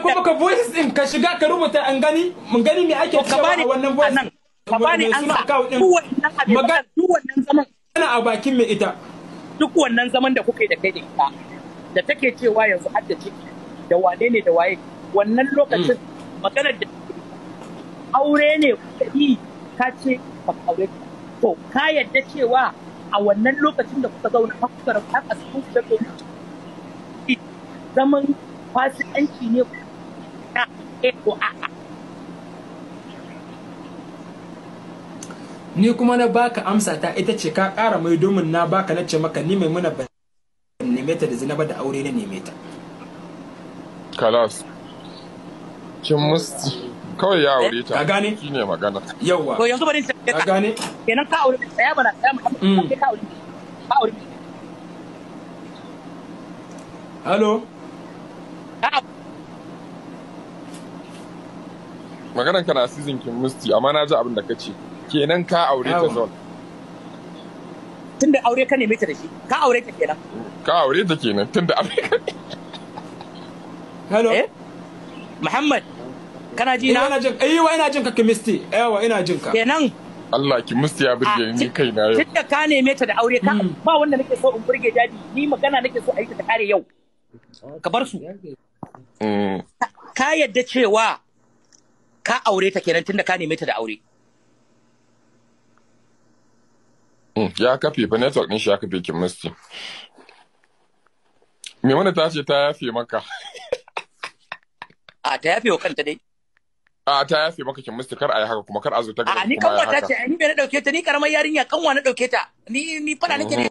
kuma ka voice din ka shiga ka rubuta an gani mun gani me ake cewa wannan voice ka bani an sa duk wannan zaman ana a bakin mai ita duk wannan zaman da kuka yi da kai da ita da take cewa yanzu har da ciki da wane ne da waye wannan lokacin mm. maganar da aure ne kuka yi ka ce ba aure to ka yadda cewa a wannan lokacin da kuka zauna har kuka rabu har a cikin zaman fasikanci ne ni kuma na baka amsa ta ita ce ka ƙara mai domin na baka na ce maka ni mai muna ne neme ta da zinaba da aure na neme ta kalas kin musti kawai ya aure ta ka gane shine magana yawa to yanzu bari ka gane kenan ka aure ta ya bana ya mu mm. ka aure ka aure hello maganar ka na season kin musti amma na ji abin da kace kenan ka aure ta zon tunda aure ka neme ta da shi ka aure ta kenan ka aure ta kenan tunda aure ka hello eh muhammad kana ji na ina jin eh yiwa ina jin ka kimisti eh wa ina jin ka kenan Allah ki musti ya burge ni ah, kai na yau tunda ka neme ta da aure ka hmm. ba wanda nake so in burge daji, ni magana nake so a yi ta kare yau ka bar su mm. ka yadda cewa ka aure ta kenan tunda ka neme ta da aure hmm, ya kafe fa network din shi ya kafe kin musti me wanda ta ce ta yafe maka a ta yafe wa kanta dai a ta yafe maka kin musti kar a yi haka kuma kar a zo ta gaba a ni kanwa ta ce ni bai na dauke ta ni karamar yarinya kanwa na dauke ta ni ni fara nake ne